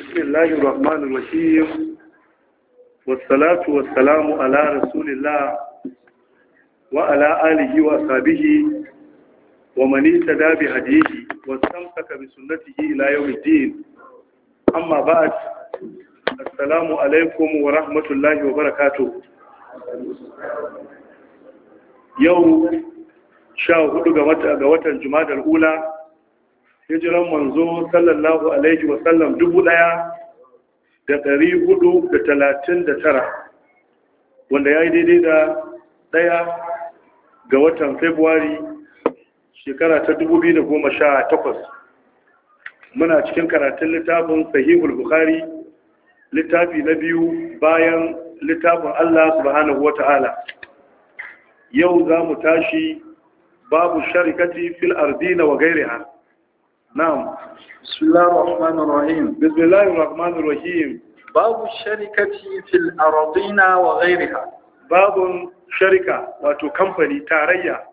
بسم الله الرحمن الرحيم والصلاة والسلام على رسول الله وعلى آله وصحبه ومن اهتدى بهديه واستمسك بسنته إلى يوم الدين أما بعد السلام عليكم ورحمة الله وبركاته يوم شاهد قوة الجماد الأولى hijiran manzo sallallahu alaihi wasallam dubu ɗaya da dari hudu da talatin da tara wanda ya yi daidai da ɗaya ga watan februari shekara ta dubu biyu da goma sha takwas muna cikin karatun littafin sahihul bukhari littafi na biyu bayan littafin allah subhanahu wa ta'ala yau za mu tashi babu sharikati fil ardina wa gairiha na'am bismillahir rahmanir rahim bismillahir rahmanir rahim babu sharikati fil aradina wa ghayriha Babu sharika wato kamfani tarayya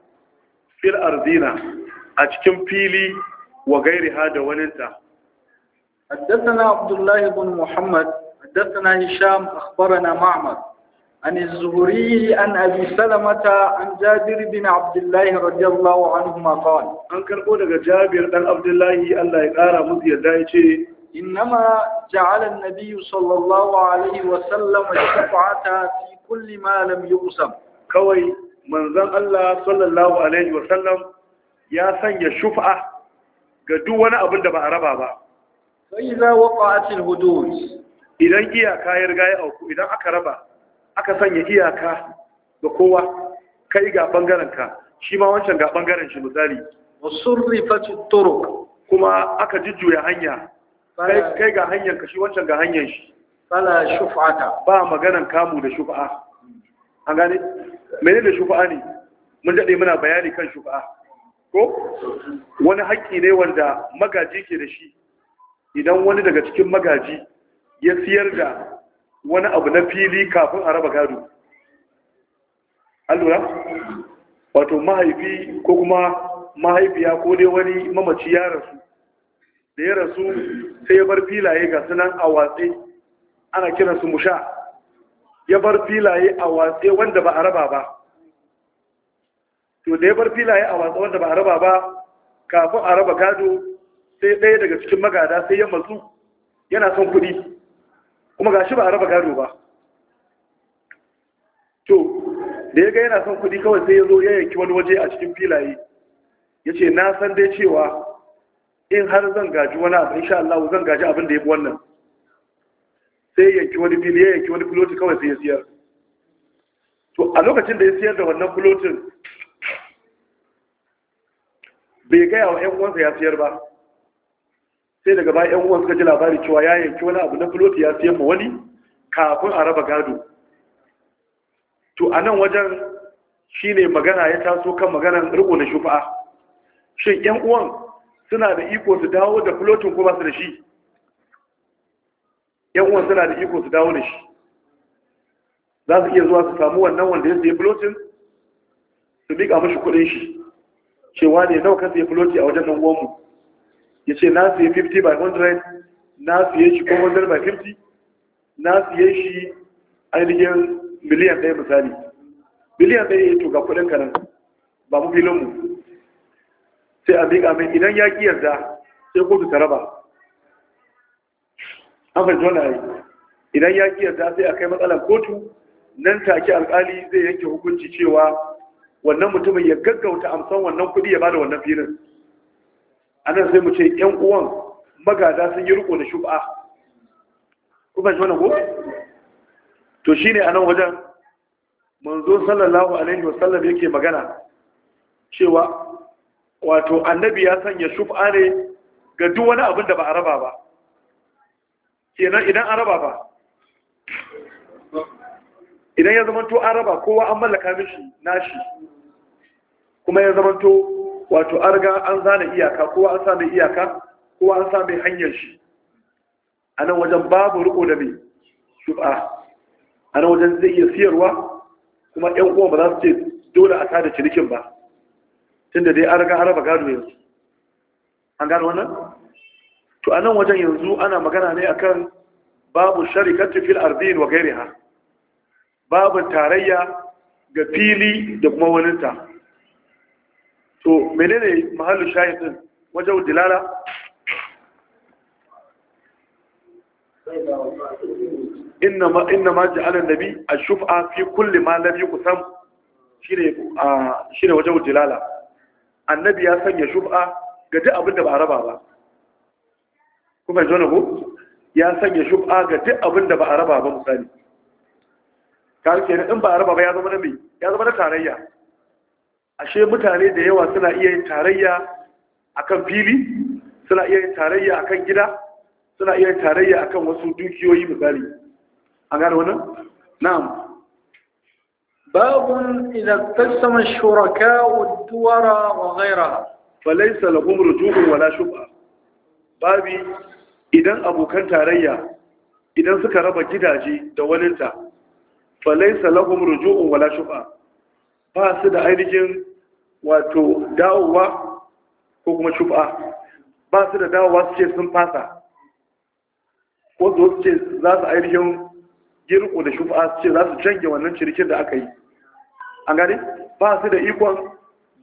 fil ardina a cikin fili wa gairiha da waninta حدثنا عبد الله بن محمد حدثنا هشام na معمر عن الزهري عن أبي سلمة عن جابر بن عبد الله رضي الله عنهما قال عن كربون جابر بن عبد الله الله يقارى مذي دايتي إنما جعل النبي صلى الله عليه وسلم الشفعة في كل ما لم يقسم كوي من ذن الله صلى الله عليه وسلم يا سن يشفعة قدو وانا أبن دبا عربا با فإذا وقعت الهدود إذا إيا كاير غاية أو إذا أكربا aka sanya iyaka ga kowa kai ga bangaren ka shi ma wancan ga bangaren shi misali wasurrifat turuq kuma aka jujjuya hanya kai ga hanyar ka shi wancan ga hanyar shi fala shuf'ata ba maganan kamu da shuf'a an gane Menene da shuf'a ne mun dade muna bayani kan shuf'a ko wani haƙƙi ne wanda magaji ke da shi idan wani daga cikin magaji ya siyar da wani abu na fili kafin a raba gado allura wato mahaifi ko kuma mahaifiya ko dai wani mamaci ya rasu da ya rasu sai ya bar filaye ga sunan a watse ana kiransu musha ya bar filaye a watse wanda ba a raba ba to da ya bar filaye a watse wanda ba a raba ba kafin a raba gado sai ɗaya daga cikin magada sai ya matsu yana son kuɗi kuma ga shi ba a raba gado ba to da ya ga yana son kuɗi kawai sai ya zo ya yanki wani waje a cikin filaye ya ce na san dai cewa in har zan gaji wani abu insha Allah zan gaji abin da ya bi wannan sai yanki wani fili ya yanki wani filoti kawai sai ya siyar to a lokacin da ya siyar da wannan filotin bai gaya wa 'yan uwansa ya siyar ba sai daga baya yan uwan suka ji labari cewa ya yanki wani abu na filoti ya siyan ma wani kafin a raba gado to a nan wajen shi ne magana ya taso kan maganar riko na shufa'a shin yan uwan suna da iko su dawo da filotin ko ba su da shi yan uwan suna da iko su dawo da shi za su iya zuwa su samu wannan wanda ya sayi filotin su miƙa mashi kuɗin shi cewa ne nawa ka siya filoti a wajen nan uwanmu ya ce na siye 50 by 100 na siye shi ko 100 by 50 na siye shi ainihin miliyan ɗaya misali miliyan ɗaya ya tuga kudin kanan ba mu filinmu sai a miƙa min idan ya ƙi yarda sai kotu ta raba an fahimci wani ayi idan ya ƙi yarda sai a kai matsalar kotu nan take alƙali zai yanke hukunci cewa wannan mutumin ya gaggauta amsan wannan kuɗi ya bada wannan filin Anan sai mu ce ‘yan uwan magada sun yi riko da shub'a ba shi wani ko? to shine anan wajen manzo sallallahu alaihi wasallam yake magana cewa wato annabi ya sanya shub'a ne ga duk wani abin da ba a raba ba kenan idan an raba ba idan ya zamanto an raba kowa an mallaka mishi nashi kuma ya zamanto wato an riga an zana iyaka kowa an sami iyaka kowa an sami hanyar shi a nan wajen babu riko da mai shuɓa a nan wajen zai iya siyarwa kuma yan uwa ba za su ce dole a sa da cinikin ba tunda dai an riga an gado yanzu an gano wannan to a nan wajen yanzu ana magana ne akan babu sharikatu fil ardin wa gairiha babu tarayya ga fili da kuma waninta to menene mahallu shahid din wajen dilala innama innama ja'ala nabi a shufa fi kulli ma lam yuqsam shine shine wajen dilala annabi ya sanya shuf'a ga duk abin da ba raba ba kuma jona ko ya sanya shuf'a ga duk abin da ba raba ba misali kar ke in ba raba ba ya zama na me ya zama na tarayya ashe mutane da yawa suna iya yin tarayya akan fili suna iya yin tarayya akan gida suna iya yin tarayya akan wasu dukiyoyi misali an gane wannan na'am babun idan tasama wa duwara wa ghairaha falaisa lahum rujuhun wala shubha babi idan abokan tarayya idan suka raba gidaje da waninta falaisa lahum rujuhun wala shubha ba su da ainihin wato dawowa ko kuma shufa ba su da dawowa su ce sun fasa ko su ce za su ainihin girko da shufa su ce za su janye wannan cirkin da aka yi an gani ba su da ikon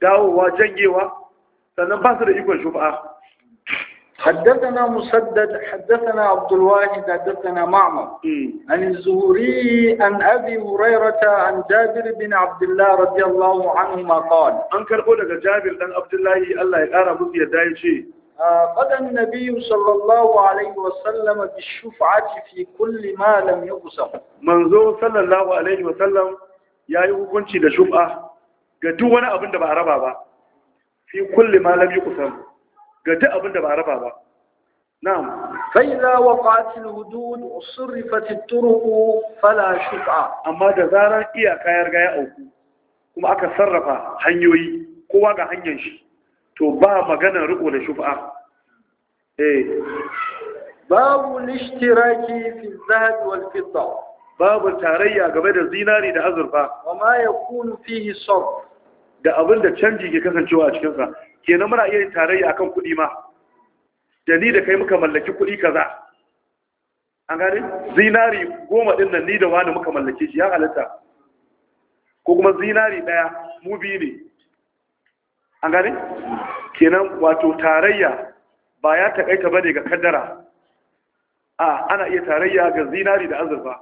dawowa jangewa, sannan ba su da ikon shufa حدثنا مسدد حدثنا عبد الواحد حدثنا معمر عن الزهري عن ابي هريره عن جابر بن عبد الله رضي الله عنهما قال ان كربو daga جابر dan Abdullahi Allah ya kara musu yadda yace قد النبي صلى الله عليه وسلم بالشفعة في كل ما لم يقسم منذ صلى الله عليه وسلم yayi hukunci da shuf'a ga duk wani abin da ba a raba ba fi kulli ma lam yuqsam ga duk abin da ba raba ba na'am fa wa waqa'at hudud usrifat at-turuq fala shuf'a amma da zaran iya ya riga ya auku kuma aka sarrafa hanyoyi kowa ga hanyar shi to ba magana riko da shuf'a eh babu lishtiraki fi zahab wal fidda babu tarayya game da zinari da azurfa wa ma yakunu fihi sarf da abinda canji ke kasancewa a cikinsa kenan muna iya yin tarayya akan kuɗi ma da ni da kai muka mallaki kuɗi kaza an gane zinari goma ɗin nan ni da wani muka mallake shi ya halitta. ko kuma zinari ɗaya mu biyu ne an gane kenan wato tarayya ba ya taƙaita ba ne ga kaddara a ana iya tarayya ga zinari da azurfa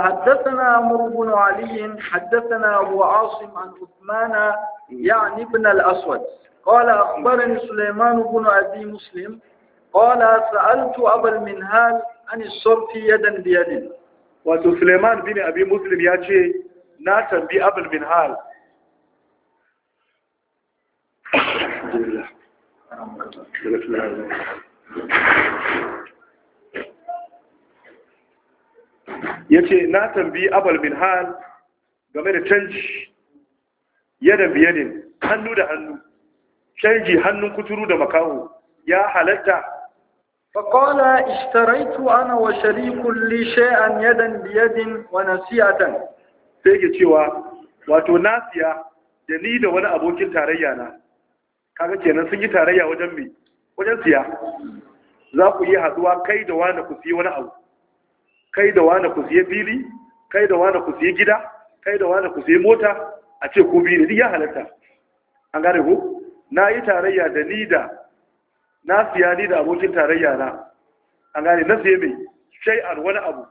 حدثنا عمرو بن علي حدثنا أبو عاصم عن عثمان يعني ابن الأسود قال أخبرني سليمان بن أبي مسلم قال سألت أبا المنهال عن الصرف يدا بيد wato Suleiman bin Abi Muslim ya ce na tambi Abul Minhal Alhamdulillah ya ce na tambi abal bin hal game da canji yadda biyadin hannu da hannu canji hannun kuturu da makaho ya halatta فقال اشتريت انا وشريك لي شيئا يدا wa nasiyatan sai ke cewa wato nasiya da ni da wani abokin tarayya na kaga kenan sun yi tarayya wajen mai wajen siya za ku yi haduwa kai da wani ku fi wani abu kai da wani ku siya fili kai da wani ku siya gida kai da wani ku siya mota a ce ku biyu ne ya halatta an gane ku na yi tarayya da ni da na siya ni da abokin tarayya na an gane na siye mai an wani abu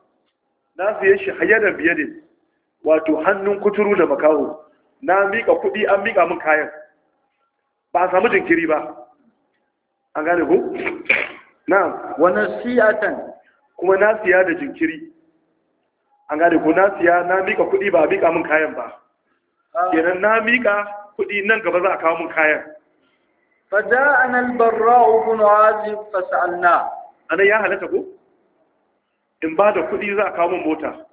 na siye shi biyar ne, wato hannun kuturu da makaho na miƙa kuɗi an miƙa min kayan ba a samu jinkiri ba an gane ku na wani siyatan kuma na siya da jinkiri an gane ko na siya na mika kuɗi ba a mika min kayan ba ah. kenan na mika kuɗi nan gaba za a kawo min kayan Fa al-barra'u البراء 'azib fa sa'alna ana ya halata ko? in ba da kuɗi za a kawo min mota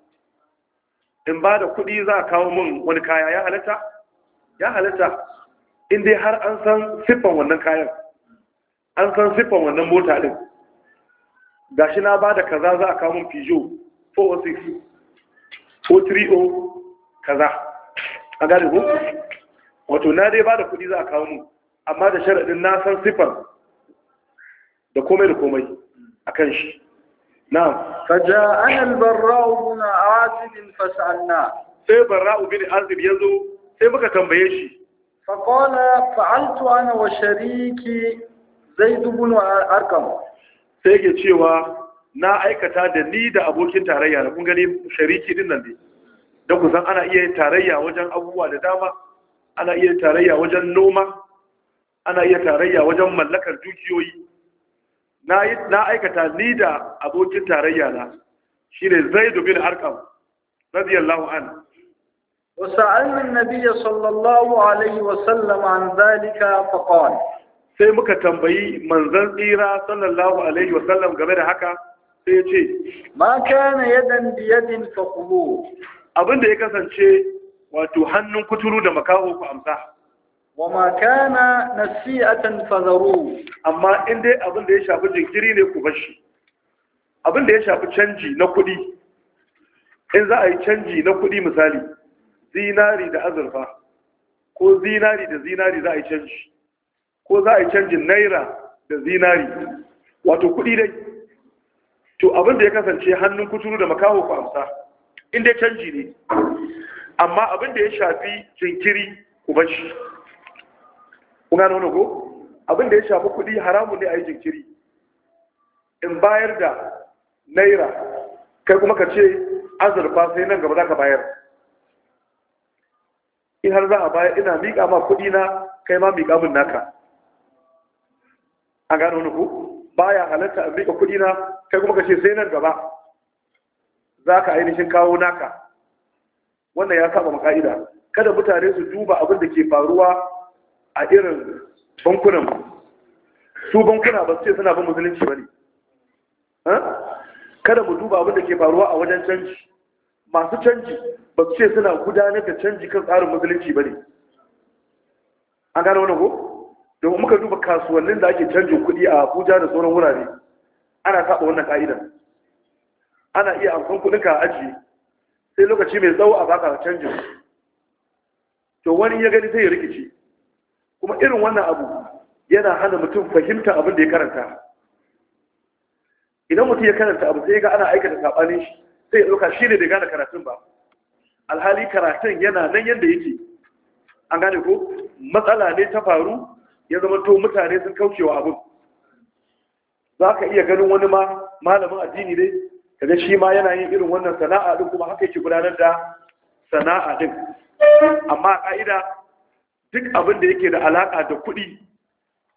in ba da kuɗi za a kawo min wani kaya ya halatta ya halatta in dai har an san siffan wannan kayan an san siffan wannan mota din gashi na ba da kaza za a kamun Peugeot 406 430 kaza a gari ku wato na dai ba da kudi za a kamun amma da sharaɗin na san siffar da komai da komai a kan shi na'am anan barra'u na asibin fasa'anna sai barra'u bin azib ya zo sai muka tambaye shi faƙola fa'altu ana wa shariki zai dubu na sai yake cewa na aikata da ni da abokin tarayya da kun gani shariki din nan ne da kusan ana iya yin tarayya wajen abubuwa da dama ana iya tarayya wajen noma ana iya tarayya wajen mallakar dukiyoyi na aikata ni da abokin tarayya na shine zaid bin arqam radiyallahu anhu وسألنا النبي صلى الله عليه وسلم عن ذلك فقال sai muka tambayi manzan tsira sallallahu alaihi wasallam game da haka sai ya ce ma kana yadan biyadin faqulu abinda ya kasance wato hannun kuturu da makaho ku amsa wa ma kana nasi'atan fadharu amma in dai da ya shafi jinkiri ne ku bashi da ya shafi canji na kuɗi in za a yi canji na kuɗi misali zinari da azurfa ko zinari da zinari za a yi canji ko za a yi canjin naira da zinari wato kuɗi dai to abin da ya kasance hannun kuturu da makaho ku amsa in dai canji ne amma abin da ya shafi jinkiri ku bar shi ku wani ko abin da ya shafi kuɗi haramun ne a yi jinkiri in bayar da naira kai kuma ka ce azurfa sai nan gaba za ka bayar in har za a bayar ina miƙa ma kuɗi na kai ma miƙa mun naka an gano wani ku baya halatta a rika kuɗi na kai kuma ka ce sai nan gaba za ka ainihin kawo naka wannan ya saba maka'ida kada mutane su duba abin da ke faruwa a irin bankunan su bankuna ba su ce suna bin musulunci ba ne kada mu duba abin da ke faruwa a wajen canji masu canji ba su ce suna gudanar da canji kan tsarin musulunci ba ne an gano wani ko domin muka duba kasuwannin da ake canjin kuɗi a abuja da sauran wurare ana saba wannan ka'idan ana iya amfan kuɗin ka ajiye sai lokaci mai tsawo a baka canjin to wani ya gani sai ya rikici kuma irin wannan abu yana hana mutum fahimta abin da ya karanta idan mutum ya karanta abu sai ga ana aikata sabanin shi sai ya ɗauka shi ne da gane karatun ba alhali karatun yana nan yadda yake an gane ko matsala ne ta faru ya zama to mutane sun kaucewa abin za ka iya ganin wani ma malamin addini dai kaga shi ma yana yin irin wannan sana'a din kuma haka yake gudanar da sana'a din amma ka'ida duk abin da yake da alaka da kuɗi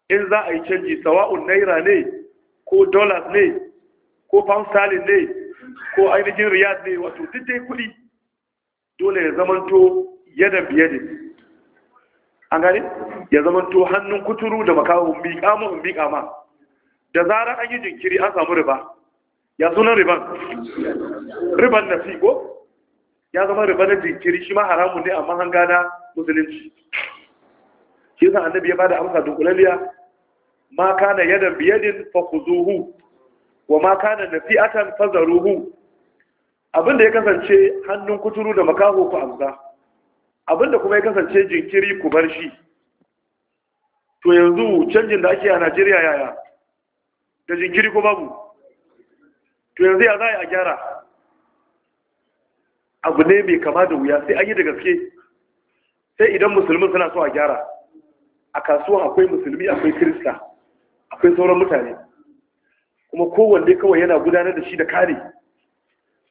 in za a yi canji sawa'un naira ne ko dollars ne ko pound sterling ne ko ainihin riyad ne wato duk kuɗi dole ya zamanto yadda biye ne an gane ya zama to hannun kuturu da makawo miƙa mu ma da zara an yi jinkiri an samu riba ya sunan riban riban na fiko ya zama riba na jinkiri shi ma haramun ne amma an gana musulunci shi zan annabi ya bada amsa dunkulaliya ma kana yadda biyadin fa wa ma kana nafi'atan fazaruhu abinda ya kasance hannun kuturu da makaho ku amsa abinda kuma ya kasance jinkiri ku bar shi to yanzu canjin da ake a Najeriya yaya da jinkiri ko babu to yanzu ya za a gyara abu ne mai kama da wuya sai an yi da gaske sai idan musulmin suna so a gyara a kasuwa akwai musulmi akwai kirista akwai sauran mutane kuma kowanne kawai yana gudanar da shi da kare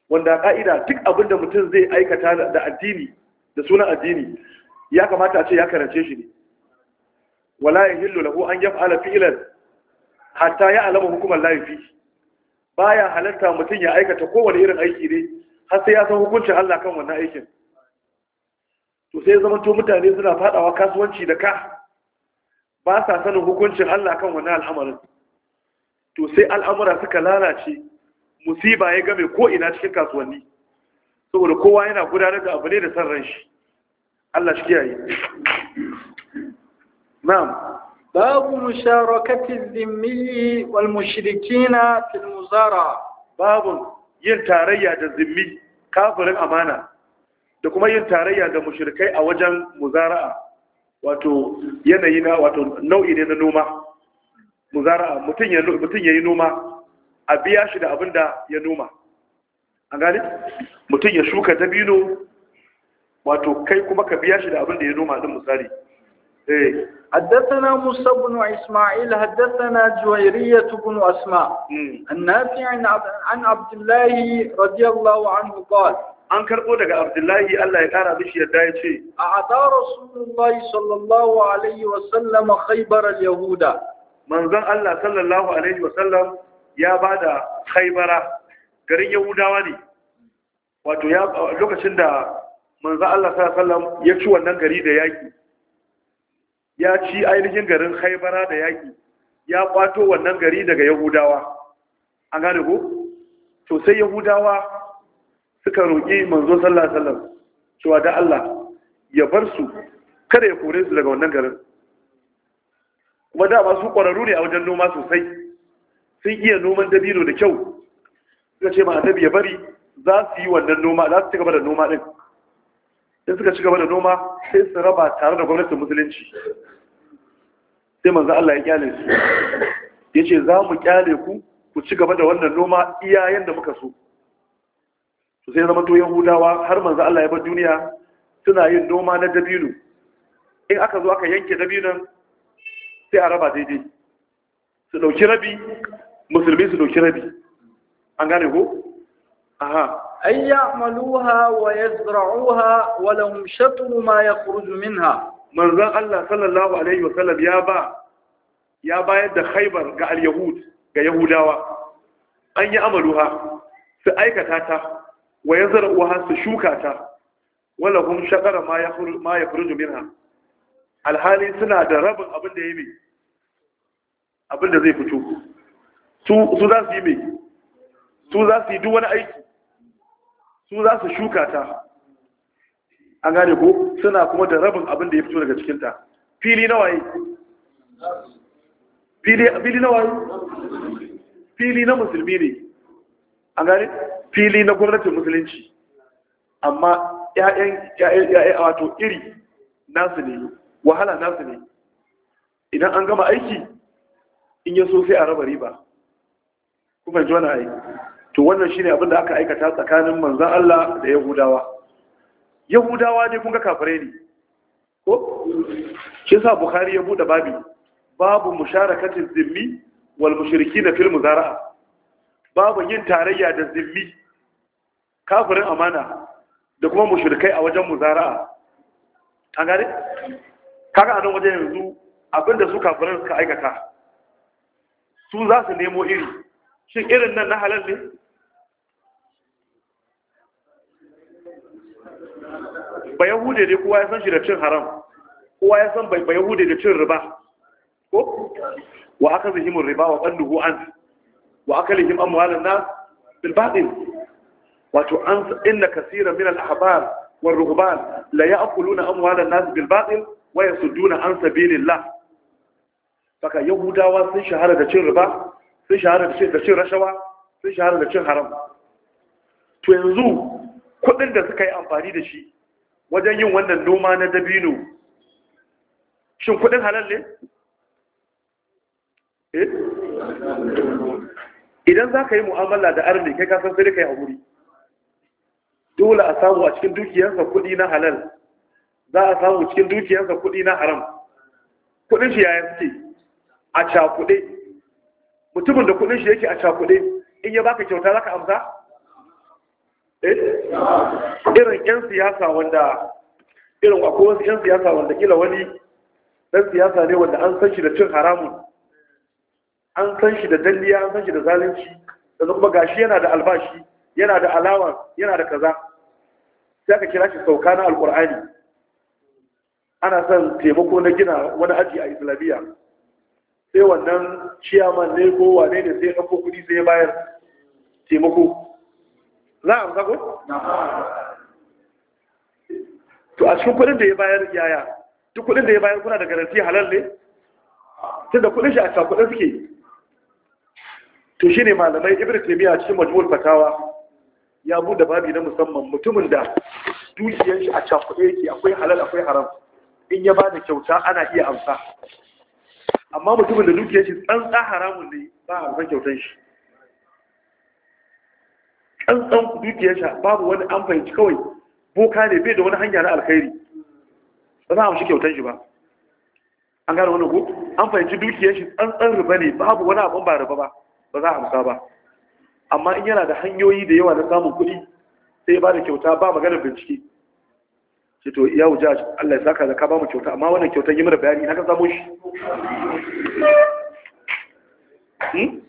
wanda ka'ida duk abinda mutum zai aikata da addini da sunan addini ya kamata a ce ya karance shi ne wala hillu lahu an yaf'ala fi'lan hatta ya alama hukumar laifi. baya halarta mutum ya aikata kowane irin aiki ne har sai ya san hukuncin Allah kan wannan aikin to sai zama to mutane suna fadawa kasuwanci da ka ba sa sanin hukuncin Allah kan wannan al'amarin to sai al'amura suka lalace musiba ya game ko ina cikin kasuwanni saboda kowa yana gudanar da abu ne da san ranshi Allah shi kiyaye na'am babu musharakati zimmi wal mushrikina fil muzara babu yin tarayya da zimmi kafirin amana da kuma yin tarayya da mushrikai a wajen muzara'a wato yanayi na wato nau'i ne na noma muzara'a mutum ya mutum yayi noma a biya shi da abinda ya noma an gani mutum ya shuka dabino wato kai kuma ka biya shi da abin da ya noma din misali eh haddathana musa ibn isma'il haddathana juwayriyah ibn asma an-nafi' an abdullah radiyallahu anhu qala an karbo daga abdullahi Allah ya kara mishi yadda ya ce a ata rasulullahi sallallahu alaihi wasallam khaybar al-yahuda manzon Allah sallallahu alaihi wasallam ya bada haibara. garin yahudawa ne wato ya lokacin da manzo Allah sallallahu alaihi wasallam ya ci wannan gari da yaki ya ci ainihin garin Khaybara da yaki ya kwato wannan gari daga Yahudawa an gane ko to sai Yahudawa suka roki manzo sallallahu alaihi wasallam cewa da Allah ya bar su kada ya kore su daga wannan garin kuma da masu kwararru ne a wajen noma sosai sun iya noman dabino da kyau suka ce ma annabi ya bari za su yi wannan noma za su ci gaba da noma din sai suka ci gaba da noma sai su raba tare da gwamnatin musulunci sai manzo Allah ya kyale su yace za mu kyale ku ku ci gaba da wannan noma iyayen da muka so to sai zama to yahudawa har manzo Allah ya bar duniya suna yin noma na dabino in aka zo aka yanke dabinon sai a raba daidai su dauki rabi musulmi su dauki rabi an gane ko aha ay ya'maluha wa yazra'uha wa ma ya ma yakhruju minha manzon Allah sallallahu alaihi wa sallam ya ba ya bayar da Khaibar ga al-Yahud ga Yahudawa an yi amaluha su aikata ta wa yazra'uha su shuka ta wa lahum ma ya ma yakhruju minha alhali suna da rabin abin da ya yi abin da zai fito su za su yi mai su za su yi duk wani aiki su za su shuka ta an gane ko suna kuma da rabin abin da ya fito daga cikinta fili nawa yi fili nawa yi fili na musulmi ne an gane fili na gwamnatin musulunci amma ya'yan wato iri nasu ne wahala nasu ne idan an gama aiki in yi sosai sai a raba riba kuma jona yi aiki to wannan shine abin da aka aikata tsakanin manzon Allah da Yahudawa Yahudawa ne kun ga kafare ne ko shi sa Bukhari ya bude babi babu musharakatin zimmi wal mushrikina fil muzara'a babu yin tarayya da zimmi kafirin amana da kuma mushrikai a wajen muzara'a an gane kaga anan wajen yanzu abinda su kafirai suka aikata su za su nemo iri shin irin nan na halal ne ba yahude dai kowa ya san shi da cin haram kowa ya san ba yahude da cin riba ko wa aka zihimin riba wa ɓalluhu an wa aka lihim amwalan nas bil batil wato an inna kaseera min al ahbar wal ruhban la ya'kuluna amwalan na bilbaɗin? Waya su duna an sabilillah saka yahudawa sun shahara da cin riba sun shahara da cin rashawa sun shahara da cin haram to yanzu kuɗin da suka yi amfani da shi wajen yin wannan noma na dabino shin kudin halal ne? Eh? idan za ka yi mu'amala da arni kai kasan sai kai ka yi haƙuri dole a samu a cikin dukiyarsa kudi na halal za a samu cikin dukiyarsa kudi na haram kudin shi yaya suke a cakuɗe mutumin da kudin shi yake a cakuɗe in ya baka kyauta za ka amsa? Eh? irin 'yan siyasa wanda irin akwai 'yan siyasa wanda kila wani ɗan siyasa ne wanda an san shi da cin haramun an san shi da dalliya an san shi da zalunci da kuma gashi yana da albashi yana da alawa yana da kaza sai aka kira shi sauka na alkur'ani ana son taimako na gina wani aji a islamiyya sai wannan ciyaman ne ko wane ne sai ya ɗauko kuɗi sai ya bayar taimako za a amsa ko? to a cikin kudin da ya bayar yaya duk kudin da ya bayar kuna da garanti halal ne? tun da kudin shi a cikin kudin suke to shi ne malamai ibn taimiyya a cikin majmuwar fatawa ya buɗe babi na musamman mutumin da dukiyar shi a cakuɗe yake akwai halal akwai haram in ya ba da kyauta ana iya amsa amma mutumin da dukiyar shi tsantsa haramun ne ba a amsa kyautar shi tsantsan dukiyar sha babu wani an fahimci kawai boka ne bai da wani hanya na alkhairi ba za a shi kyautar shi ba an gane wani ko an fahimci dukiyar shi tsantsan riba ne babu wani abin ba riba ba ba za a musa ba amma in yana da hanyoyi da yawa na samun kuɗi sai ba da kyauta ba maganar bincike ce to ya wuce Allah ya saka ka ba mu kyauta amma wannan kyautar yi mana bayani na ka samu shi hmm?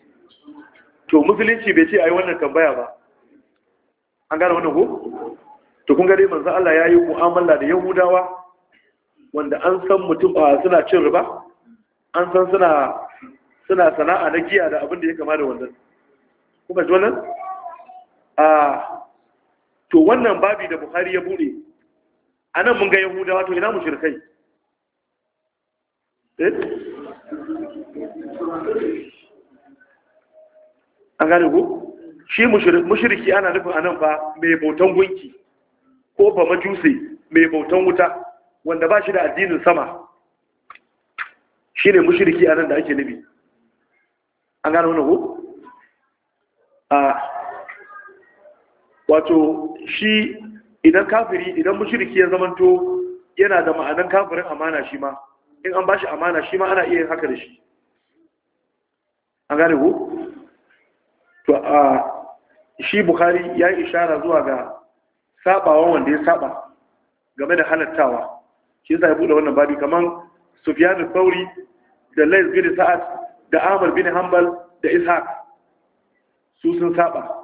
to musulunci bai ce a yi wannan tambaya ba an gane wani ko to kun ga dai manzo Allah ya yi mu'amala da Yahudawa wanda an san mutum suna cin riba an san suna suna sana'a na giya da abin da ya kama da wannan kuma ji wannan a to wannan babi da Buhari ya bude anan mun ga Yahudawa to ina shirkai eh an gane ku shi mushiriki ana nufin anan fa mai bautan gunki ko ba majusi mai bautan wuta wanda ba shi da addinin sama shi ne mushiriki anan da ake nufi an gano wani ko? a wato shi idan kafiri idan mushiriki ya zamanto yana da ma'anan kafirin amana shi ma in an ba shi amana shi ma ana iya yin haka da shi an gane hu? to a shi bukhari ya yi ishara zuwa ga sabawa wanda ya saba game da halattawa shi yasa ya bude wannan babi kaman sufyan sauri da lais bin sa'ad da amr bin Hambal da ishaq su sun saba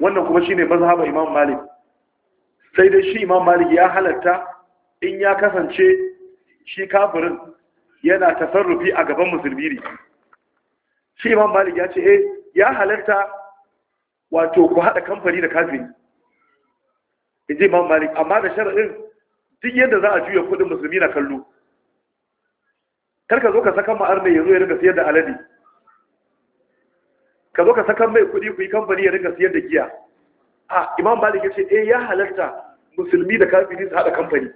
wannan kuma shine mazhaba imam malik sai dai shi imam malik ya halatta in ya kasance shi kafirin yana tasarrufi a gaban musulmi ne shi imam malik ya ce eh ya halatta wato ku haɗa kamfani da kafin, in ji man malik amma da sharaɗin duk yadda za a juya kuɗin musulmi na kallo kar ka zo ka saka ma'ar mai ya ya ringa siyar da alade ka zo ka saka mai kuɗi ku yi kamfani ya ringa siyar da giya a imam malik ya ce eh ya halarta musulmi da kafin su haɗa kamfani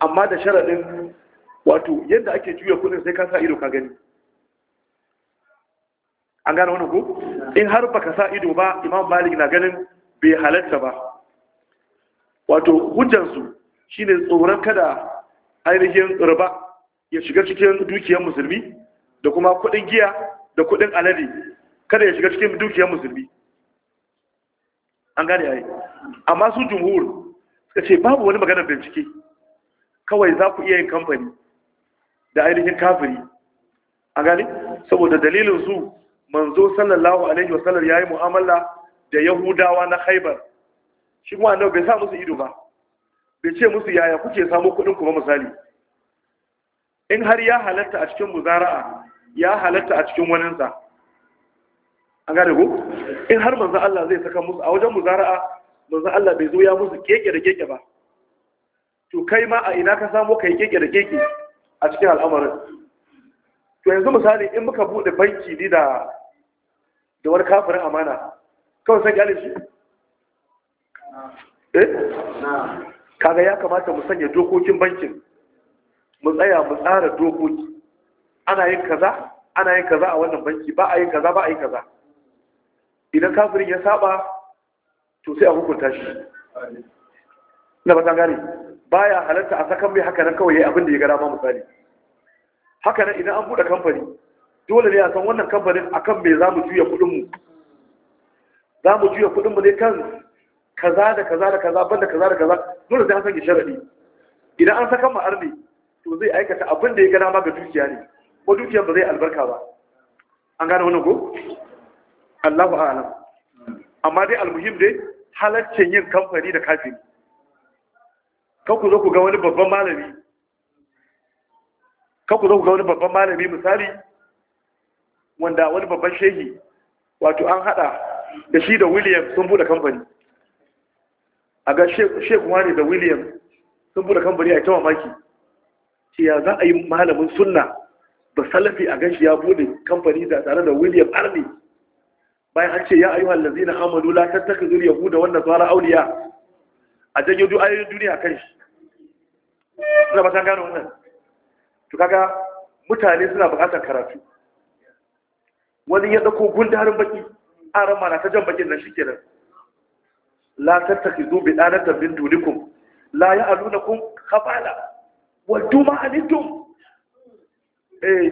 amma da sharaɗin wato yadda ake juya kuɗin sai ka sa ido ka gani an gane wani ko in har baka sa ido ba imam malik na ganin bai halatta ba wato hujjansu shine tsoron kada ainihin riba ya shiga cikin dukiyar musulmi da kuma kudin giya da kudin alade kada ya shiga cikin dukiyar musulmi an gane yayi amma su jumhur suka ce babu wani maganar bincike kawai za ku iya yin kamfani da ainihin kafiri an gane saboda dalilin su manzo sallallahu alaihi wasallam yayi mu'amala da yahudawa na khaybar shi kuma annabi bai sa musu ido ba bai ce musu yaya kuke samu ku ba misali in har ya halatta a cikin muzara'a ya halatta a cikin waninsa an gane ku in har manzo Allah zai saka musu a wajen muzara'a manzo Allah bai zo ya musu keke da keke ba to kai ma a ina ka samu kai keke da keke a cikin al'amarin to yanzu misali in muka bude banki ni da da wani kafirin amana kawai sai gyalin shi eh kaga ya kamata mu sanya dokokin bankin mu tsaya mu tsara dokoki ana yin kaza ana yin kaza a wannan banki ba a yin kaza ba a yin kaza idan kafirin ya saba to sai a hukunta shi na ba gane baya halatta a sakan mai haka nan kawai yayi abin da ya gara ma misali haka nan idan an bude kamfani dole ne a san wannan kamfanin akan me za mu juya kudinmu za mu juya kudinmu ne kan kaza da kaza da kaza banda kaza da kaza dole sai an san sharaɗi idan an saka ma'ar ne to zai aikata abin da ya gana ma ga dukiya ne ko dukiyar ba zai albarka ba an gane wannan ko Allahu a'lam amma dai almuhim dai halaccin yin kamfani da kafin kan ku zo ku ga wani babban malami kan ku zo ku ga wani babban malami misali wanda wani babban shehi wato an hada da shi da william sun bude kamfani a ga shehu wani da william sun bude kamfani a ita mamaki ce ya za a yi malamin sunna ba salafi a gashi ya bude kamfani da tare da william army bayan an ce ya na lazina amanu zuri ya yahuda wannan nasara auliya a janyo duk ayoyin duniya kan shi suna ba san gano wannan to kaga mutane suna buƙatar karatu wani ya dako gundarin baki a rama na ta jan bakin nan shikenan la tattakhizu bi danatan bin dunikun la ya'lunakum khabala wa duma anitum eh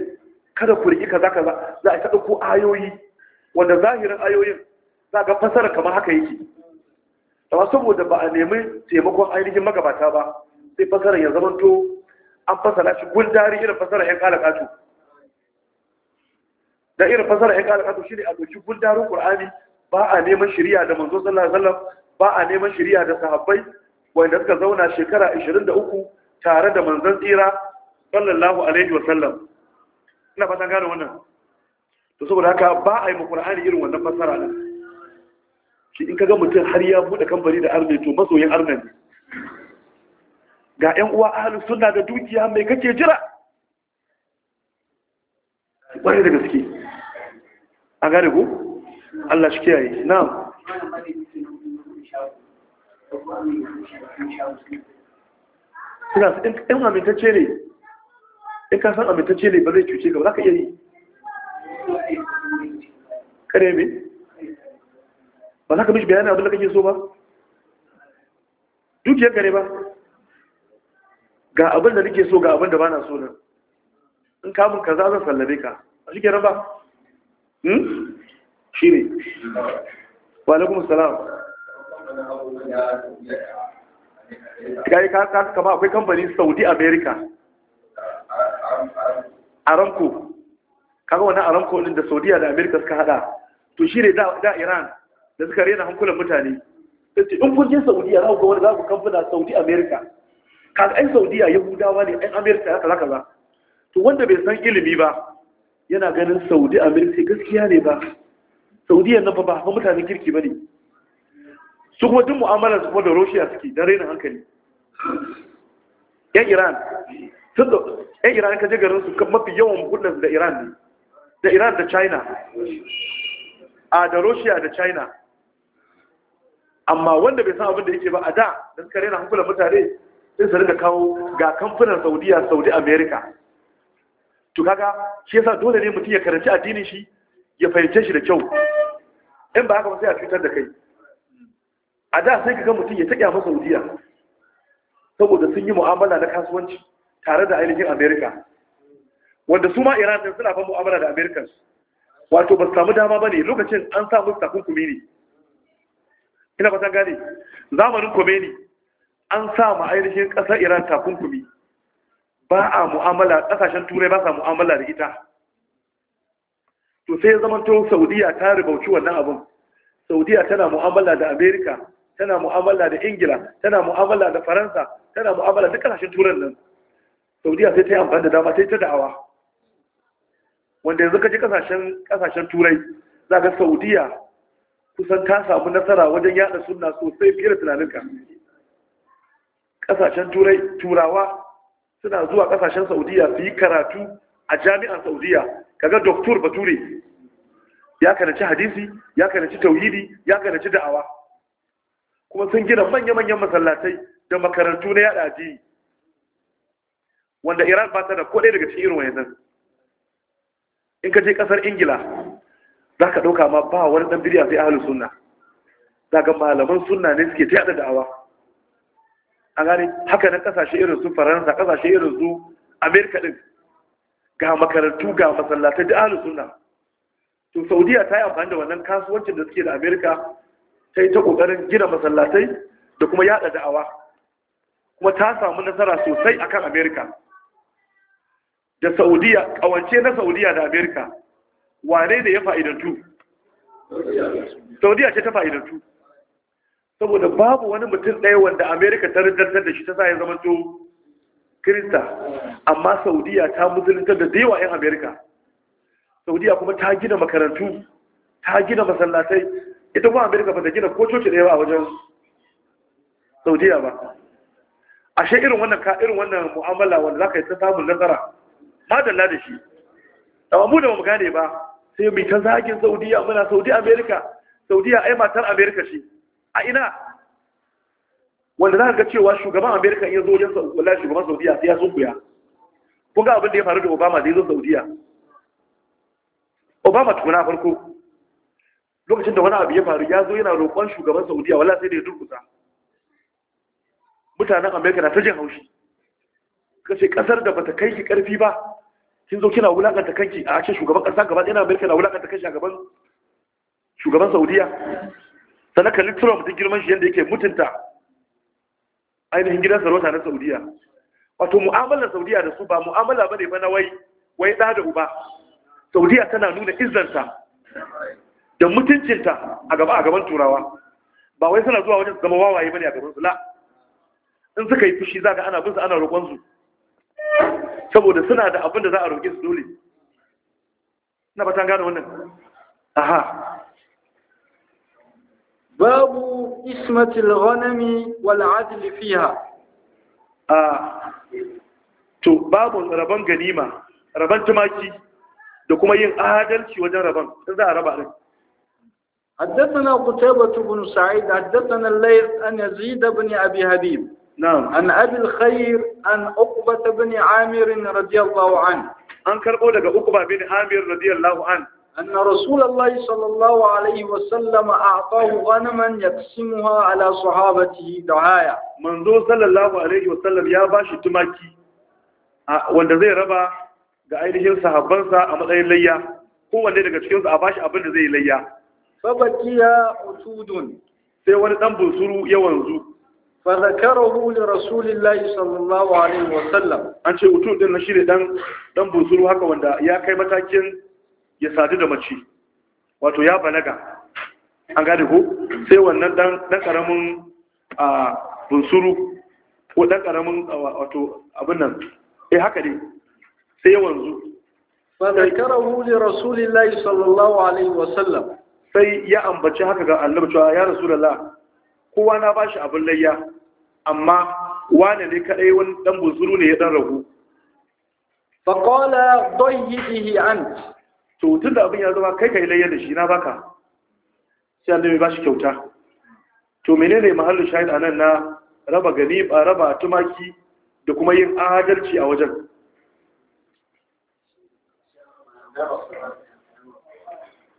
kada ku riki kaza kaza za a taɗa ko ayoyi wanda zahirin ayoyin za ga fasara kamar haka yake amma saboda ba a nemi taimakon ainihin magabata ba sai fasara ya zamanto an fasara shi gundari irin fasara yan kala katu da irin fasara ya kada kato shine a doki gundarin qur'ani ba a neman shari'a da manzo sallallahu alaihi wasallam ba a neman shari'a da sahabbai wanda suka zauna shekara 23 tare da manzon tsira sallallahu alaihi wasallam ina fata gane wannan to saboda haka ba a yi mu qur'ani irin wannan fasara din shi in kaga mutum har ya bude kambari da arne to masoyin arne ga ƴan uwa ahlus sunna da dukiya mai kake jira kwarai da gaske an gane ku Allah shi kiyaye Na? suna in amintacce ne in ka san amintacce ne ba zai cuce ka ba za ka iya yi kare mai ba za ka mishi bayanin abin da kake so ba dukiyar kare ba ga abin da nake so ga abin da ba na so nan in kamun kaza zan sallabe ka a shi kenan ba Hmm? shi ne walaikun salam ka kama akwai kamfanin saudi america aramco kaga wannan aramco din da saudiya da america suka hada to shi ne da iran da suka rena hankulan mutane sai in kun je saudiya za ku ga wani za ku kamfana saudi america kaga ai saudiya yahudawa ne ai america haka za to wanda bai san ilimi ba yana ganin saudi america gaskiya ne ba saudiyan nan ba ba mutane kirki ba ne su kuma duk mu'amalar su kuma da roshiya suke don rainin hankali yan iran sun da yan iran ka je garin su mafi yawan hudun da iran ne da iran da china a da roshiya da china amma wanda bai san abin da yake ba a da don kare na hankulan mutane sai su rika kawo ga kamfanin saudiya saudi america to kaga shi yasa dole ne mutum ya karanci addinin shi ya fahimce shi da kyau in ba haka ba sai a cutar da kai a da sai kaga mutum ya ta masa saudiya saboda sun yi mu'amala na kasuwanci tare da ainihin america wanda su ma iran sai suna ban mu'amala da americans wato ba su samu dama ba ne lokacin an sa musu takunkumi ne ina fatan gane zamanin komeni an sa ma ainihin ƙasar iran takunkumi ba a mu'amala kasashen turai ba sa mu'amala da ita to sai ya zamanto saudiya ta ribauci wannan abun. saudiya tana mu'amala da america tana mu'amala da ingila tana mu'amala da faransa tana mu'amala da kasashen turan nan saudiya sai ta yi amfani da dama sai ta da'awa wanda yanzu ka ji kasashen turai za ka saudiya kusan ta samu nasara wajen yada sunna sosai fiye da tunaninka kasashen turai turawa suna zuwa kasashen saudiya su yi karatu a Jami'ar saudiya kaga doktor bature ya karanci hadisi ya karanci tauhidi ya karanci da'awa kuma sun gina manya-manyan masallatai da makarantu na yada addini wanda iran ba ta da kodai daga cikin irin wayannan in ka je kasar ingila za ka ɗauka ma ba wani ɗan biriya sai ahalin sunna za ga malaman sunna ne suke ta yada da'awa a gane haka nan kasashe irin su faransa kasashe irin su amerika din ga makarantu ga masallatai da ahlus sunna to saudiya ta yi amfani da wannan kasuwancin da suke da amerika ta yi ta kokarin gina masallatai da kuma yada da'awa kuma ta samu nasara sosai akan amerika da saudiya kawance na saudiya da amerika wane da ya fa'idantu saudiya ce ta fa'idantu saboda babu wani mutum ɗaya wanda amerika ta rigantar da shi ta sa ya to kirista amma saudiya ta musulunta da dewa 'yan amerika saudiya kuma ta gina makarantu ta gina masallatai ita kuma amerika ba ta gina ko coci ɗaya ba a wajen saudiya ba ashe irin wannan ka irin wannan mu'amala wanda za ka yi ta samun nazara madalla da shi amma mu da mu gane ba sai mu ta zagin saudiya muna saudi amerika saudiya ai matar amerika shi a ina wanda za ka ga cewa shugaban amerika iya zo wajen wallahi shugaban saudiya sai ya kuya kun ga abin da ya faru da obama da ya zo saudiya obama tukuna farko lokacin da wani abu ya faru ya zo yana roƙon shugaban saudiya wala sai da ya durkusa mutanen amerika na ta jin haushi ce kasar da bata kai ki karfi ba kin zo kina wulakanta kanki a cikin shugaban kasa gaba ɗaya na amerika na wulakanta kanki a gaban shugaban saudiya sannan kalli tura mutum girman shi yadda yake mutunta ainihin gidan sarauta na saudiya wato mu'amalar saudiya da su ba mu'amala ba ne ba na wai wai ɗa da uba saudiya tana nuna izanta da mutuncinta a gaba a gaban turawa ba wai suna zuwa wajen zama wawaye ba ne a gaban su la in suka yi fushi za ka ana bin su ana roƙon su saboda suna da abin da za a roƙe su dole na ba ta gane wannan aha babu ismatil ghanami wal adl fiha a to babu rabon ganima rabon tumaki da kuma yin adalci wajen rabon in za a raba din حدثنا قتيبة بن سعيد حدثنا الليث أن يزيد بن أبي حبيب نعم عن أبي الخير أن أقبة بن عامر رضي الله عنه أنكر أولك أقبة بن عامر رضي الله عنه أن رسول الله صلى الله عليه وسلم أعطاه غنما يقسمها على صحابته دعايا منذ صلى الله عليه وسلم يا باشي تماكي wanda zai raba ga ainihin sahabbansa a matsayin layya kowanne daga cikinsu a bashi abin da zai yi layya fabakiya utudun sai wani dan bunsuru ya wanzu fa zakarahu li rasulillahi sallallahu alaihi wasallam an ce utudun na shine dan dan bunsuru haka wanda ya kai matakin ya sadu da mace wato ya balaga an gane ko sai wannan dan karamin a bunsuru ko dan karamin wato abin nan eh haka ne sai ya wanzu fadakarahu li rasulillahi sallallahu alaihi wasallam sai ya ambaci haka ga annabi cewa ya rasulullah kowa na bashi abin layya amma wane ne kadai wani dan bunsuru ne ya dan ragu faqala dayyihi anta to tun da abin ya zama kai ka yi layyar da shi na baka sai mai ba shi kyauta to menene mahallin shahid anan na raba gani ba raba tumaki da kuma yin adalci a wajen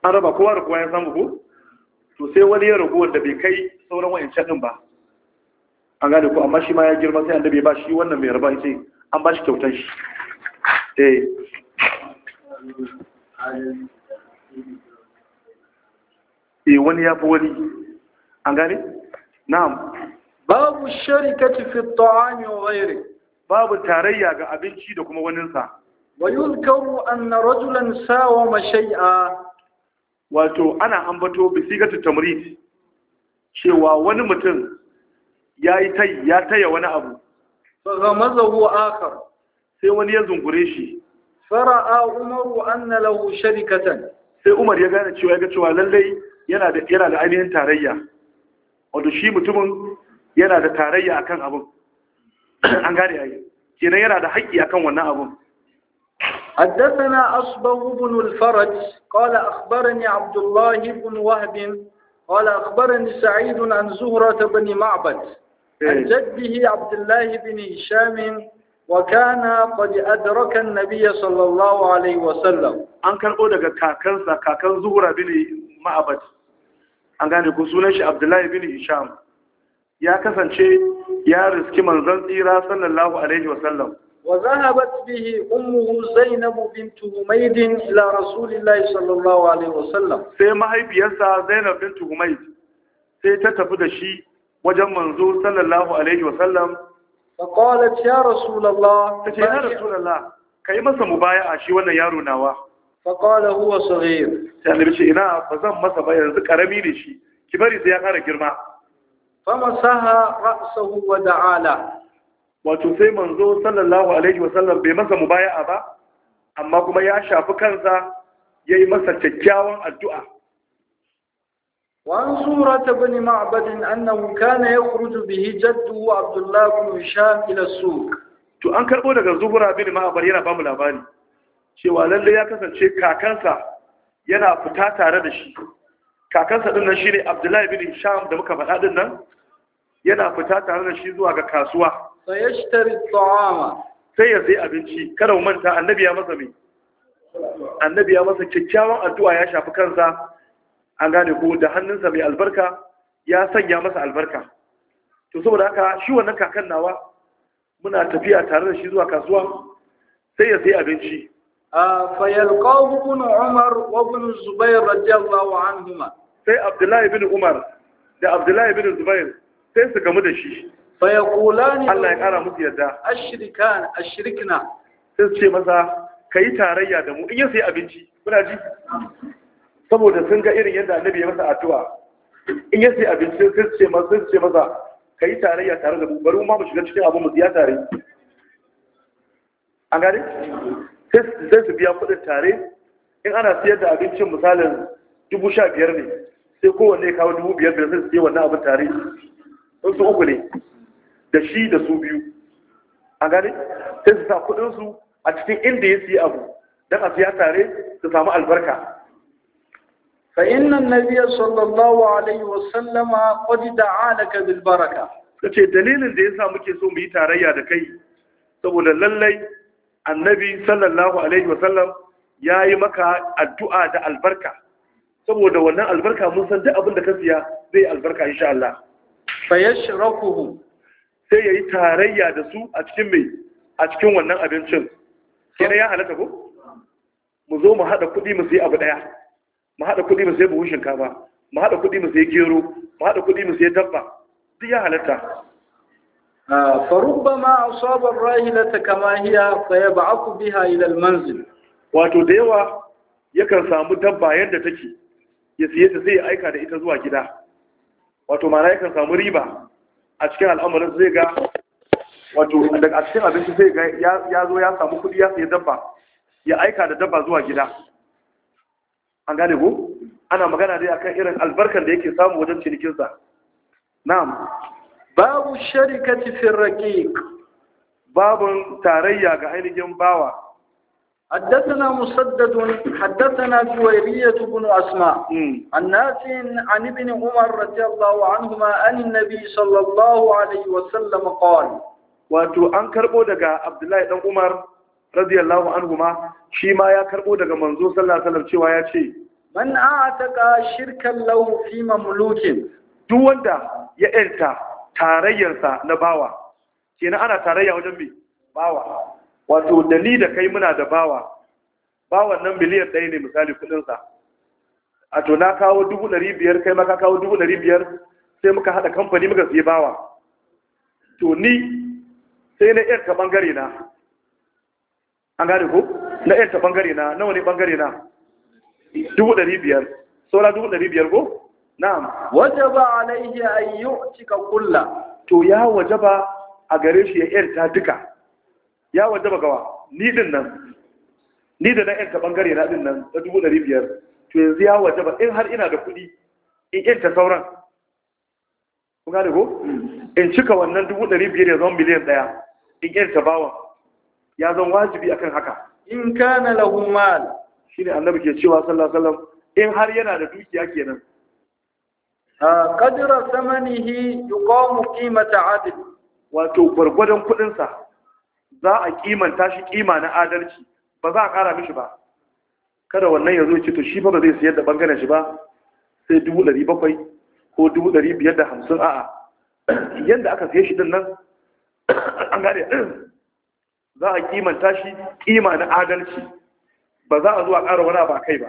an raba kowa da kowa ya samu ku to sai wani ya ragu wanda bai kai sauran wayan canin ba an gane ku, amma shi ma ya girma sai annabi ba shi wannan mai raba ce an ba shi kyautar shi eh e wani ya fi wani an gane? na'am babu sharikati fi ta'ami wa babu tarayya ga abinci da kuma waninsa wa yuzkaru anna rajulan sawama shay'a wato ana ambato bi sigatu Tamrit? cewa wani mutum yayi tayi ya taya wani abu fa ghamazahu akhar sai wani ya zungure shi fara'a umaru anna lahu sharikatan sai umar ya gane cewa ya ga cewa lallai yana da yana da ainihin tarayya wato shi mutumin yana da tarayya akan abin an gane ai kenan yana da haƙƙi akan wannan abin حدثنا أصبه بن الفرج قال أخبرني عبد الله بن وهب قال أخبرني سعيد عن زهرة بن معبد عن جده عبد الله بن هشام وكان قد أدرك النبي صلى الله عليه وسلم an karɓo daga kakansa kakan zuhura bin ma'abad an gane ku sunan shi abdullahi bin hisham ya kasance ya riski manzon tsira sallallahu alaihi wasallam wa zahabat bihi ummuhu zainab bint humayd ila sallallahu alaihi wasallam sai mahaifiyarsa zainab bint Tuhumai sai ta tafi da shi wajen manzo sallallahu alaihi wasallam فقالت يا رسول الله تجي يا رسول الله كاي masa mubaya'a shi wannan yaro nawa faqala huwa saghir sai annabi ce ina ba zan masa ba yanzu karami ne shi ki bari sai ya kara girma famasaha ra'sahu wa da'ala wato sai manzo sallallahu alaihi wa sallam bai masa mubaya'a ba amma kuma ya shafi kansa yayi masa kyakkyawan addu'a وعن سورة بن معبد أنه كان يخرج به جده عبد الله بن هشام إلى السوق to an karbo daga zubura bin ma'abar yana bamu labari cewa lalle ya kasance kakansa yana fita tare da shi kakansa din nan shine Abdullahi bin Sham da muka faɗa din nan yana fita tare da shi zuwa ga kasuwa sai ya shitari ta'ama sai ya sai abinci kada mu manta annabi ya masa me annabi ya masa kyakkyawan addu'a ya shafi kansa an gane ko da hannunsa mai albarka ya sanya masa albarka to saboda haka shi wannan kakan nawa muna tafiya tare da shi zuwa kasuwa sai ya sai abinci fayalqahu ibn umar wa ibn zubair radiyallahu anhuma sai abdullahi ibn umar da abdullahi ibn zubair sai su gamu da shi fayaqulani Allah ya kara musu yadda ashrikan ashrikna sai su ce masa kai tarayya da mu in ya sai abinci Muna ji saboda sun ga irin yadda annabi ya masa addu'a in ya sai abinci sai ce masa sai ce masa kai tarayya tare da mu bari mu ma mu shiga cikin abu mu siya tare an gane sai su biya kuɗin tare in ana siyar da abincin misalin dubu sha biyar ne sai kowanne ya kawo dubu biyar sai su siya wannan abin tare sun su uku ne da shi da su biyu an gane sai su sa kuɗinsu a cikin inda ya siya abu don a siya tare su samu albarka فإن النبي صلى الله عليه وسلم قد دعا لك بالبركة kace dalilin da yasa muke so mu yi tarayya da kai saboda lallai annabi sallallahu alaihi wasallam yayi maka addu'a da albarka saboda wannan albarka mun san duk abin da ka siya zai albarka insha Allah fayashrakuhu sai yayi tarayya da su a cikin mai a cikin wannan abincin kina ya halaka ko mu zo mu hada kuɗi mu siya abu daya mu haɗa kuɗi ba sai buhun shinkafa mu haɗa kuɗi ba sai gero mu haɗa kuɗi ba sai dabba duk ya halatta ma فربما أصاب الراهلة كما هي فيبعث biha ila almanzil wato da yawa yakan samu dabba yadda take ya siye ta zai aika da ita zuwa gida wato mana yakan samu riba a cikin al'amarin zai ga wato daga cikin abinci zai ga ya zo ya samu kuɗi ya siye dabba ya aika da dabba zuwa gida an gane ko ana magana dai akan irin albarkar da yake samu wajen cinikinsa na'am babu sharikati fi raqiq babun tarayya ga ainihin bawa حدثنا مسدد حدثنا جويرية بن أسماء الناس عن ابن عمر رضي الله عنهما أن النبي صلى الله عليه وسلم قال an karbo daga Abdullahi dan Umar radiyallahu shima ya karbo daga manzo sallallahu alaihi cewa ya ce man ataka shirkan lahu fi mamlukin duk wanda ya irta tarayyarsa na bawa kenan ana tarayya wajen me bawa wato dali da kai muna da bawa bawan nan miliyan ɗaya ne misali sa. a to na kawo dubu ɗari biyar kai maka kawo dubu ɗari biyar sai muka haɗa kamfani muka siye bawa to ni sai na yarta ɓangare na an gane ko na yarta ɓangare na nawa ne ɓangare na dubu ɗari biyar saura dubu ɗari biyar ko na'am wajaba alaihi an cika kulla to ya waje ba a gare shi ya yarta duka ya waje ba gawa ni din nan ni da na yarta ɓangare na din nan da dubu ɗari biyar to yanzu ya waje ba in har ina da kuɗi in yarta sauran kun gane ko in cika wannan dubu ɗari biyar ya zama miliyan ɗaya in yarta bawa ya zama wajibi akan haka in kana lahu mal shine annabi ke cewa sallallahu alaihi wasallam in har yana da dukiya kenan ah, qadra samanihi yuqamu qimata adl wato gurgurdan kudin sa za a kimanta shi kima na adalci ba za a kara mishi ba kada wannan ya zo ce to shi fa ba zai siyar da bangaren shi ba sai 700 ko 550 a'a yanda aka siye shi din nan an gane za a kimanta shi kima na adalci ba za a zo a ƙara wani abu a kai ba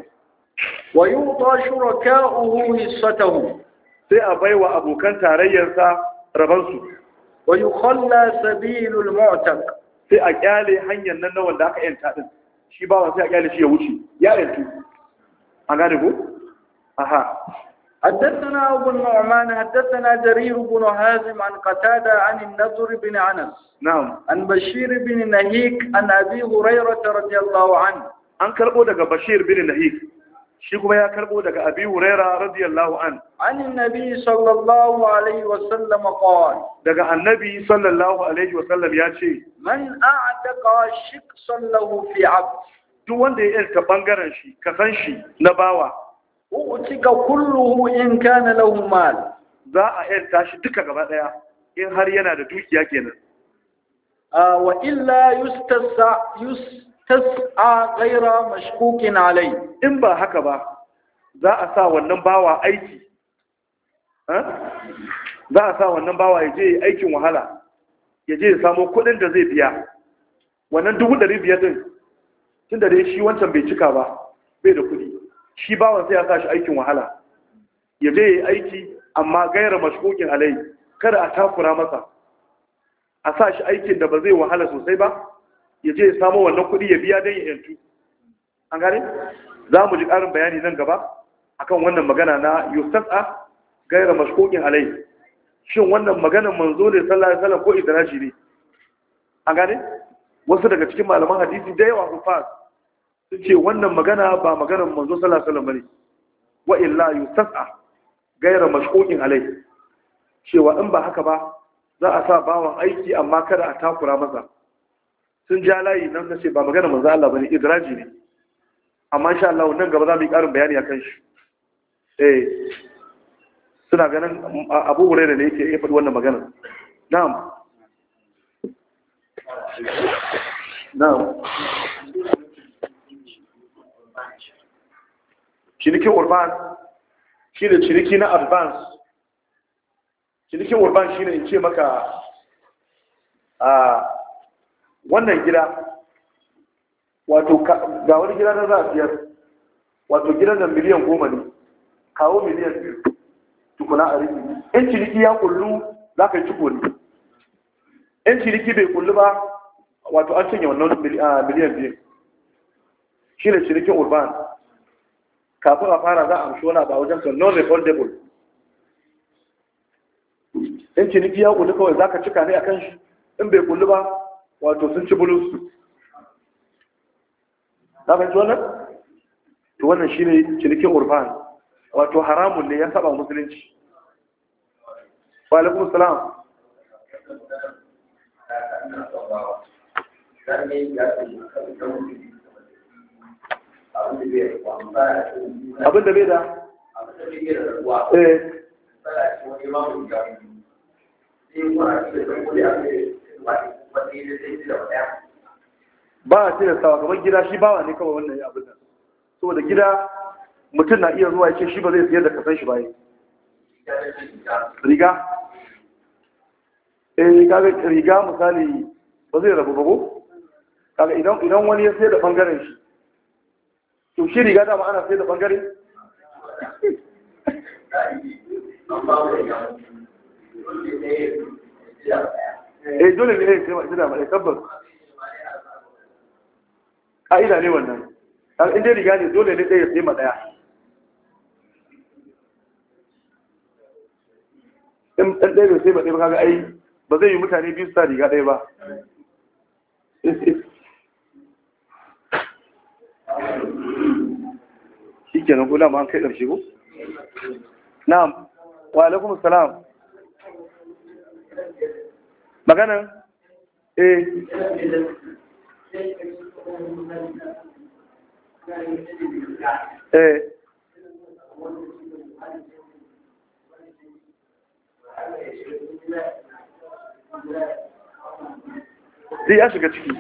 wa yuta uhu hissatahu sai a baiwa abokan tarayyarsa rabansu wa yukhalla sabilul mu'taq sai a kyale hanyar nan na wanda aka yanta din shi ba sai a kyale shi ya wuce ya yantu an gane ko aha حدثنا أبو النعمان حدثنا جرير بن هازم عن قتادة عن النضر بن أنس نعم عن بشير بن نهيك عن أبي هريرة رضي الله عنه an karbo daga bashir bin nahik shi kuma ya karbo daga abi huraira radiyallahu an an nabi sallallahu alaihi wa sallam qala daga annabi sallallahu alaihi wa sallam ya ce man a'taqa shiqsan lahu fi 'abd duk wanda ya irka bangaren shi ka san shi na bawa utika kulluhu in kana lahu mal za a irka shi duka gaba daya in har yana da dukiya kenan wa illa yustasa yus tas'a ghaira mashkukin alai in ba haka ba za a sa wannan bawa aiki za a sa wannan bawa ya je aikin wahala ya je ya samo kuɗin da zai biya wannan dubu dari biyar ɗin tun da dai shi wancan bai cika ba bai da kuɗi shi bawan sai ya sa shi aikin wahala ya je ya aiki amma gaira mashkukin alai kada a takura masa a sa shi aikin da ba zai wahala sosai ba ya je ya samu wannan kuɗi ya biya dan ya yantu an gane za mu ji ƙarin bayani nan gaba akan wannan magana na yustafa gaira mashkokin alai shin wannan maganar manzo ne sallallahu alaihi wasallam ko idraji ne an gane wasu daga cikin malaman hadisi da yawa kuma sun ce wannan magana ba maganar manzo sallallahu alaihi wasallam bane wa illa yustafa gaira mashkokin alai cewa in ba haka ba za a sa bawan aiki amma kada a takura masa sun ja layi nan na ce ba magana manzo Allah bane idraji ne amma insha Allah nan gaba za mu yi ƙarin bayani akan shi eh suna ganin Abu Hurairah ne yake faɗi wannan magana na'am na'am cinikin urban shi ne ciniki na advance cinikin urban shi ne in ce maka a ah, wannan gida wato ga wani gida na za a wato gidan da miliyan goma ne kawo miliyan biyu tukuna a riki in ciniki ya kullu za ka yi ciko ne in ciniki bai kullu ba wato an cinye wannan miliyan biyu shi ne cinikin urban kafin a fara za a amshi wani ba wajen kan non-refundable in ciniki ya kullu kawai za ka cika ne a kan shi in bai kullu ba wato sun ci bulus na fahimci wannan? to wannan shi ne cinikin urban wato haramun ne ya saba musulunci walaikun salam abin da bai da eh sai ba a da sawa kamar gida shi bawa ne kawai wannan abin nan saboda gida mutum na iya zuwa ya ce shi ba zai siyar da kasan shi baya riga eh kaga riga misali ba zai rabu ba ko kaga idan idan wani ya sayar da bangaren shi to shi riga da ana sayar da bangare eh dole ne ya kai da mai tabbas ka'ida ne wannan in dai riga ne dole ne ɗaya sai ma ɗaya in ɗan ɗaya bai sai ma ɗaya ba kaga ai ba zai yi mutane biyu sa riga ɗaya ba shi kenan ko dama an kai ƙarshe ko na'am wa alaikum salam maganan eh eh sai ya shiga ciki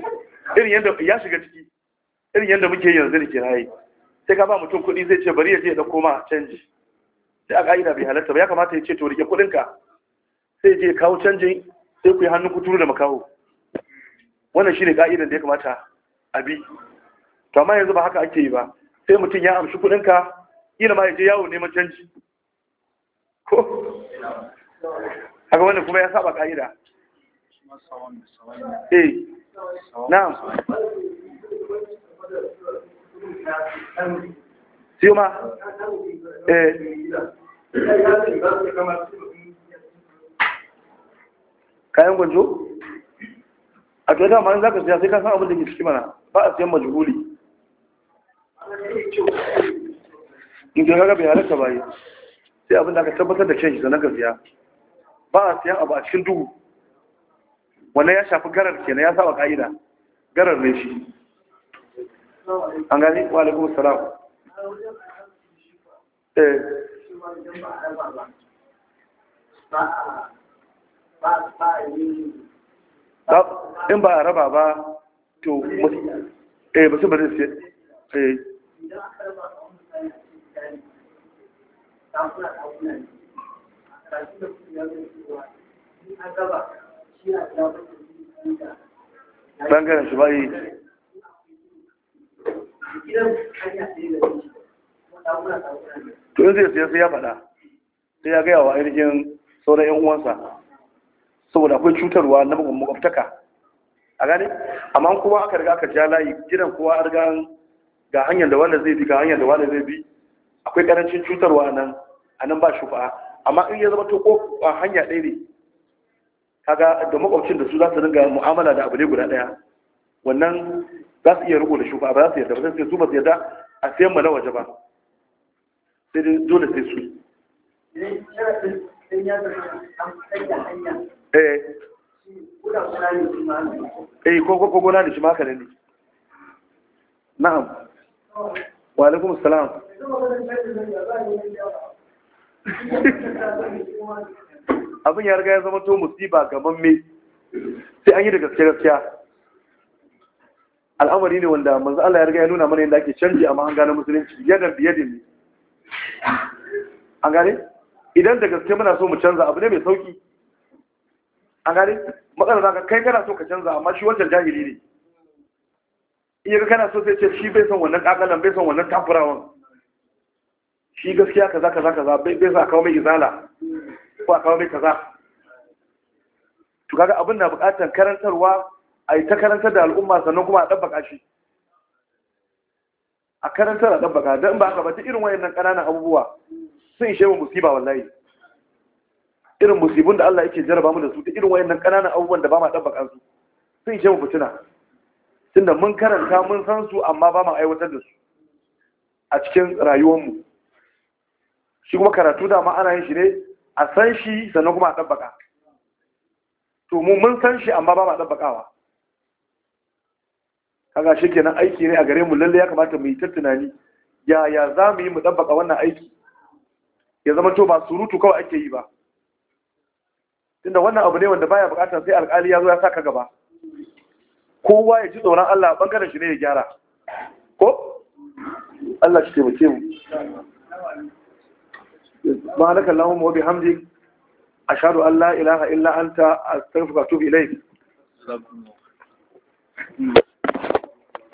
irin yadda ya shiga ciki irin yadda muke yanzu da kiraye sai ka ba mutum kuɗi zai ce bari ya je ya dauko ma canji sai a ka'ida bai halatta ba ya kamata ya ce to rike kuɗinka sai je kawo canjin sai ku yi hannun kuturu da makaho wannan shi ne ga'idan da ya kamata a bi to amma yanzu ba haka ake yi ba sai mutum ya amshi kuɗinka Ina ma ya je yawo neman canji ko haka wannan kuma ya saba ka'ida eh na'am siyo ma eh kayan gwanjo a kai dama za ka siya sai ka san abin da ke ciki mana ba a siyan majhuli in ka gaga bai halatta ba sai abin da aka tabbatar da kyan shi sannan ka siya ba a siyan abu a cikin duhu wannan ya shafi garar na ya saba ka'ida garar ne shi an gani wa alaikum salam eh in ba a raba ba to eh ba su ba zai eh bangaren shi ba yi to in zai siya sai ya faɗa sai ya gaya wa ainihin sauran 'yan uwansa saboda akwai cutarwa na bugun makwabtaka a gane amma kuma aka riga aka ja layi gidan kowa a riga ga hanyar da wanda zai bi ga hanyar da wanda zai bi akwai karancin cutarwa nan a nan ba shufa amma in ya zama to ko a hanya ɗaya ne kaga da makwabcin da su za su riga mu'amala da abu ne guda ɗaya wannan za su iya riko da shufa ba za su yarda ba sai su ba su yarda a sayan mu na waje ba sai dole sai su eh, eh, eh ko ko gona da shi maka ne na'am wa alaikum salam abin ya riga ya zama to musiba gaban me sai an yi da gaske gaskiya al'amari ne wanda manzo Allah ya riga ya nuna mana yadda ake canji a an gane musulunci yadda biye da ni an gane idan da gaske muna so mu canza abu ne mai sauki an gane matsalar zaka kai kana so ka canza amma shi wancan jahili ne in yaga kana so sai ce shi bai son wannan kakalan bai son wannan tafurawan shi gaskiya kaza kaza kaza bai bai sa kawo mai izala ko kawo mai kaza to kaga abin na buƙatar karantarwa a yi ta karantar da al'umma sannan kuma a dabbaka shi a karantar a dabbaka don ba ka ba ta irin wayannan ƙananan abubuwa sun ishe musiba wallahi irin musibin da Allah yake jarraba mu da su ta irin wayannan ƙananan abubuwan da ba ma dabba su sun ishe mu fituna. tunda mun karanta mun san su amma ba ma aiwatar da su a cikin rayuwar mu shi kuma karatu da ma ana yin shi ne a san shi sannan kuma a dabbaka to mu mun san shi amma ba ma dabbakawa kaga shikenan aiki ne a gare mu lalle ya kamata mu yi tattunani ya ya za mu yi mu dabbaka wannan aiki ya zama to ba surutu kawai ake yi ba tunda wannan abu ne wanda baya bukatar sai alkali ya zo ya saka gaba kowa ya ji tsoron Allah bangaren shi ne ya gyara ko Allah shi taimake mu subhanak mu wa bihamdik ashhadu an la ilaha illa anta a wa atubu ilai